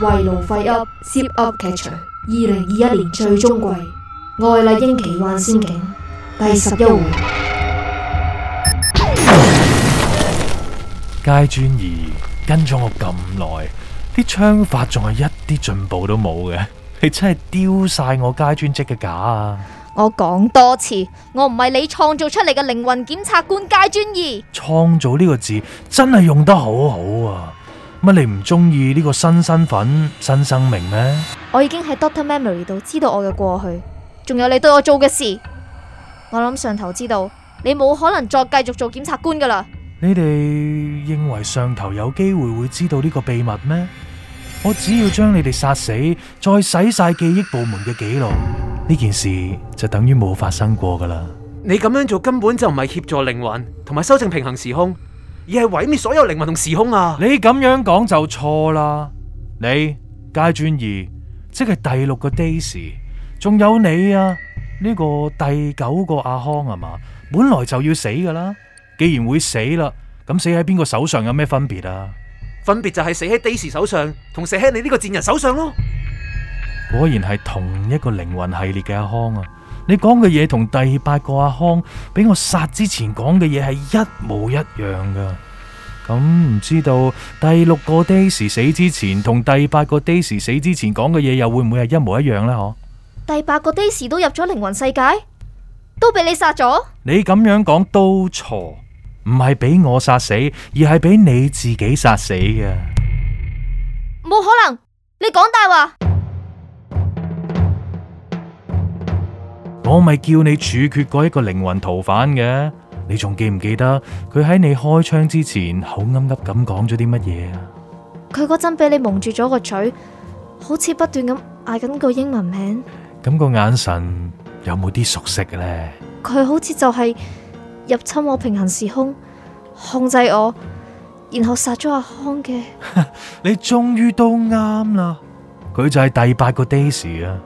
為路廢噏，Zip 噏劇場。二零二一年最終季，愛麗英奇幻仙境第十一回。階磚積跟咗我咁耐，啲槍法仲係一啲進步都冇嘅，你真係丟晒我階磚積嘅架啊！我講多次，我唔係你創造出嚟嘅靈魂檢察官階磚積。創造呢個字真係用得好好啊！乜你唔中意呢個新身份、新生命咩？我已經喺 Doctor Memory 度知道我嘅過去，仲有你對我做嘅事。我諗上頭知道你冇可能再繼續做檢察官噶啦。你哋認為上頭有機會會知道呢個秘密咩？我只要將你哋殺死，再洗晒記憶部門嘅記錄，呢件事就等於冇發生過噶啦。你咁樣做根本就唔係協助靈魂，同埋修正平衡時空。而係毀滅所有靈魂同時空啊！你咁樣講就錯啦！你階磚積即係第六個 Deus 仲有你啊呢個第九個阿康啊嘛？本來就要死噶啦，既然會死啦，咁死喺邊個手上有咩分別啊？分別就係死喺 Deus 手上同死喺你呢個賤人手上咯。果然係同一個靈魂系列嘅阿康啊！你講嘅嘢同第八個阿康俾我殺之前講嘅嘢係一模一樣噶。咁唔、嗯、知道第六個 Days 死之前同第八個 Days 死之前講嘅嘢，又會唔會係一模一樣呢？嗬！第八個 Days 都入咗靈魂世界，都俾你殺咗。你咁樣講都錯，唔係俾我殺死，而係俾你自己殺死嘅。冇可能，你講大話。我咪叫你處決過一個靈魂逃犯嘅。你仲記唔記得佢喺你開槍之前，好噏噏咁講咗啲乜嘢啊？佢嗰陣俾你蒙住咗個嘴，好似不斷咁嗌緊個英文名。咁個眼神有冇啲熟悉嘅咧？佢好似就係入侵我平行時空，控制我，然後殺咗阿匡嘅。 你終於都啱啦，佢就係第八個 Daisy 啊！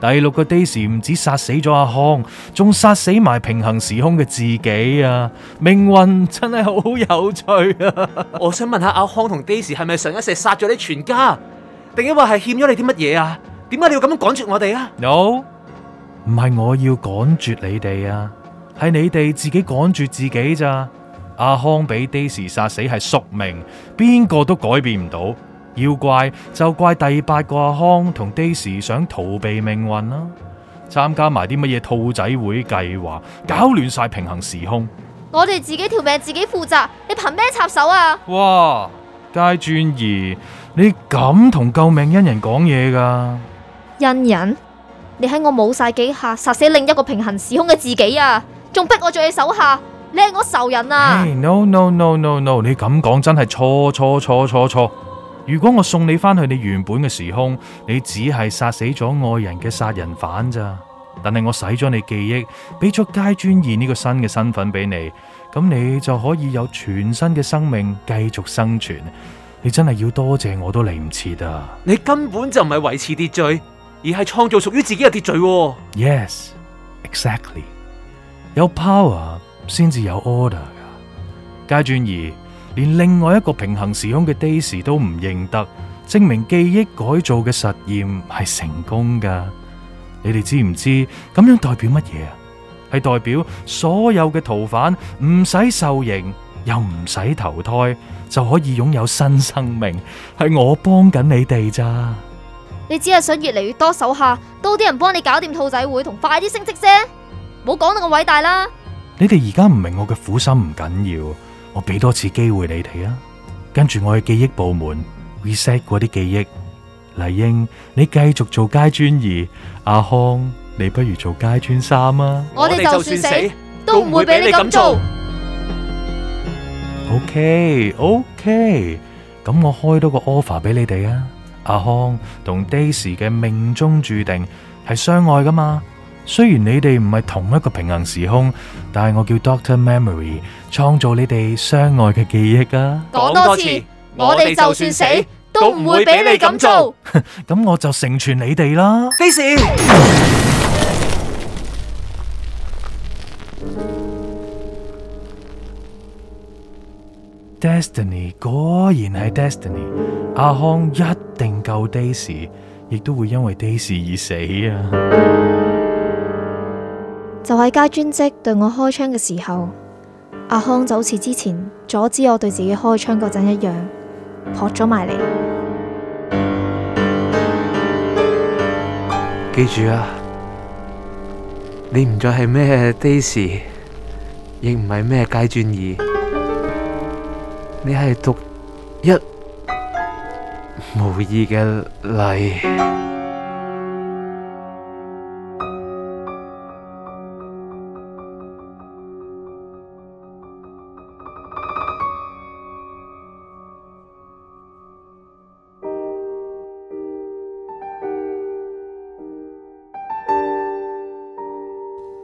第六個 Daisy 唔止殺死咗阿匡，仲殺死埋平行時空嘅自己啊！命運真係好有趣啊！ 我想問下阿匡同 Daisy 係咪上一世殺咗你全家，定抑或係欠咗你啲乜嘢啊？點解你要咁樣趕絕我哋啊？No，唔係我要趕絕你哋啊，係你哋自己趕住自己咋。阿匡俾 Daisy 殺死係宿命，邊個都改變唔到。要怪就怪第八個阿匡同 Daisy 想逃避命運啦，啊，參加埋啲乜嘢兔仔會計劃，搞亂晒平衡時空。我哋自己條命自己負責，你憑咩插手啊？哇！階磚積，你敢同救命恩人講嘢噶？恩人，你喺我冇晒幾下殺死另一個平衡時空嘅自己啊，仲逼我做你手下，你係我仇人啊 hey, no,！No no no no no，你咁講真係錯錯錯錯錯。如果我送你翻去你原本嘅時空，你只係殺死咗愛人嘅殺人犯咋？但係我洗咗你記憶，俾咗階磚積呢個新嘅身份俾你，咁你就可以有全新嘅生命繼續生存。你真係要多謝我都嚟唔切啊！你根本就唔係維持秩序，而係創造屬於自己嘅秩序啊。Yes，exactly。有 power 先至有 order 㗎。階磚積。連另外一個平行時空嘅 Daisy 都唔認得，證明記憶改造嘅實驗係成功噶。你哋知唔知咁樣代表乜嘢啊？係代表所有嘅逃犯唔使受刑又唔使投胎就可以擁有新生命，係我幫緊你哋咋？你只係想越嚟越多手下，多啲人幫你搞掂兔仔會同快啲升職啫，冇講到咁偉大啦。你哋而家唔明我嘅苦心唔緊要。我俾多次機會你哋啊，跟住我去記憶部門 reset 嗰啲記憶。麗英，你繼續做階磚二，阿匡，你不如做階磚三啊。我哋就算死都唔會俾你咁做。OK OK，咁我開多個 offer 俾你哋啊。阿匡同 Dee 嘅命中注定係相愛㗎嘛。雖然你哋唔係同一個平行時空，但係我叫 Doctor Memory 創造你哋相愛嘅記憶啊！講多次，我哋就算死都唔會俾你咁做。咁我就成全你哋啦。Daisy！destiny 果然係 destiny。阿康一定救 Daisy，亦都會因為 Daisy 而死啊！就喺階磚積對我開槍嘅時候，阿匡就好似之前阻止我對自己開槍嗰陣一樣，扑咗埋嚟。記住啊，你唔再係咩 Daisy，亦唔係咩階磚積，你係獨一無二嘅你。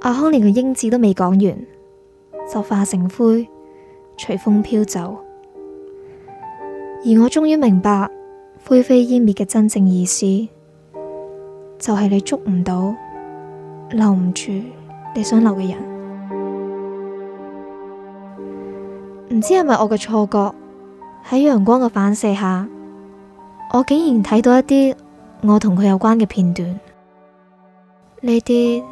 阿匡連個英字都未講完，就化成灰，隨風飄走。而我終於明白灰飛煙滅嘅真正意思，就係你捉唔到、留唔住你想留嘅人。唔知係咪我嘅錯覺？喺陽光嘅反射下，我竟然睇到一啲我同佢有關嘅片段。呢啲。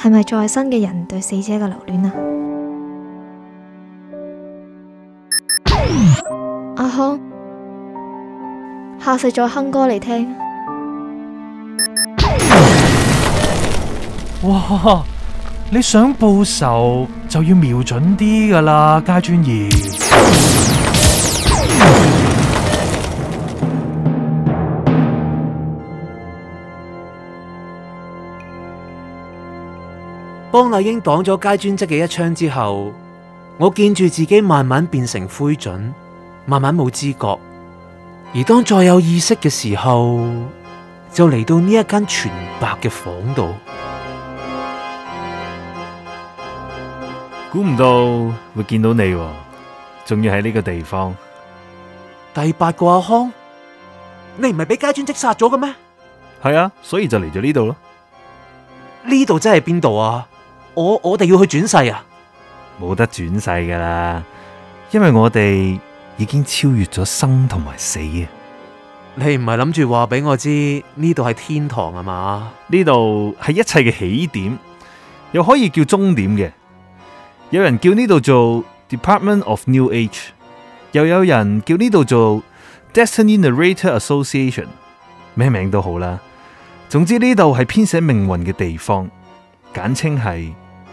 係咪在生嘅人對死者嘅留戀啊！阿匡，吓死咗哼哥嚟聽！哇，你想報仇就要瞄準啲㗎喇，階磚積。 幫麗英擋咗階磚積嘅一槍之後，我見住自己慢慢變成灰燼，慢慢冇知覺，而當再有意識嘅時候，就嚟到呢一間全白嘅房度。估唔到會見到你，仲要喺呢個地方。第八個阿匡，你唔係俾階磚積殺咗嘅咩？係啊，所以就嚟咗呢度咯。呢度真係邊度啊？我我哋要去轉世啊！冇得轉世噶啦，因為我哋已經超越咗生同埋死啊！你唔係諗住話俾我知呢度係天堂啊嘛？呢度係一切嘅起點，又可以叫終點嘅。有人叫呢度做 Department of New Age，又有人叫呢度做 Destiny Narrator Association，咩名都好啦。總之呢度係編寫命運嘅地方，簡稱係。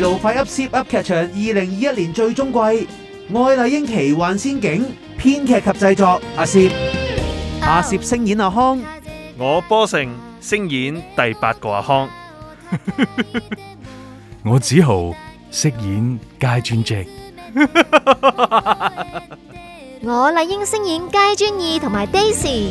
《路快噏 Zip 噏劇場》二零二一年最終季《愛麗英奇幻仙境》，編劇及製作阿攝，阿攝聲演阿匡，我波成聲演第八個阿匡，我子豪飾演階磚積，我麗英聲演階磚二同埋 Daisy。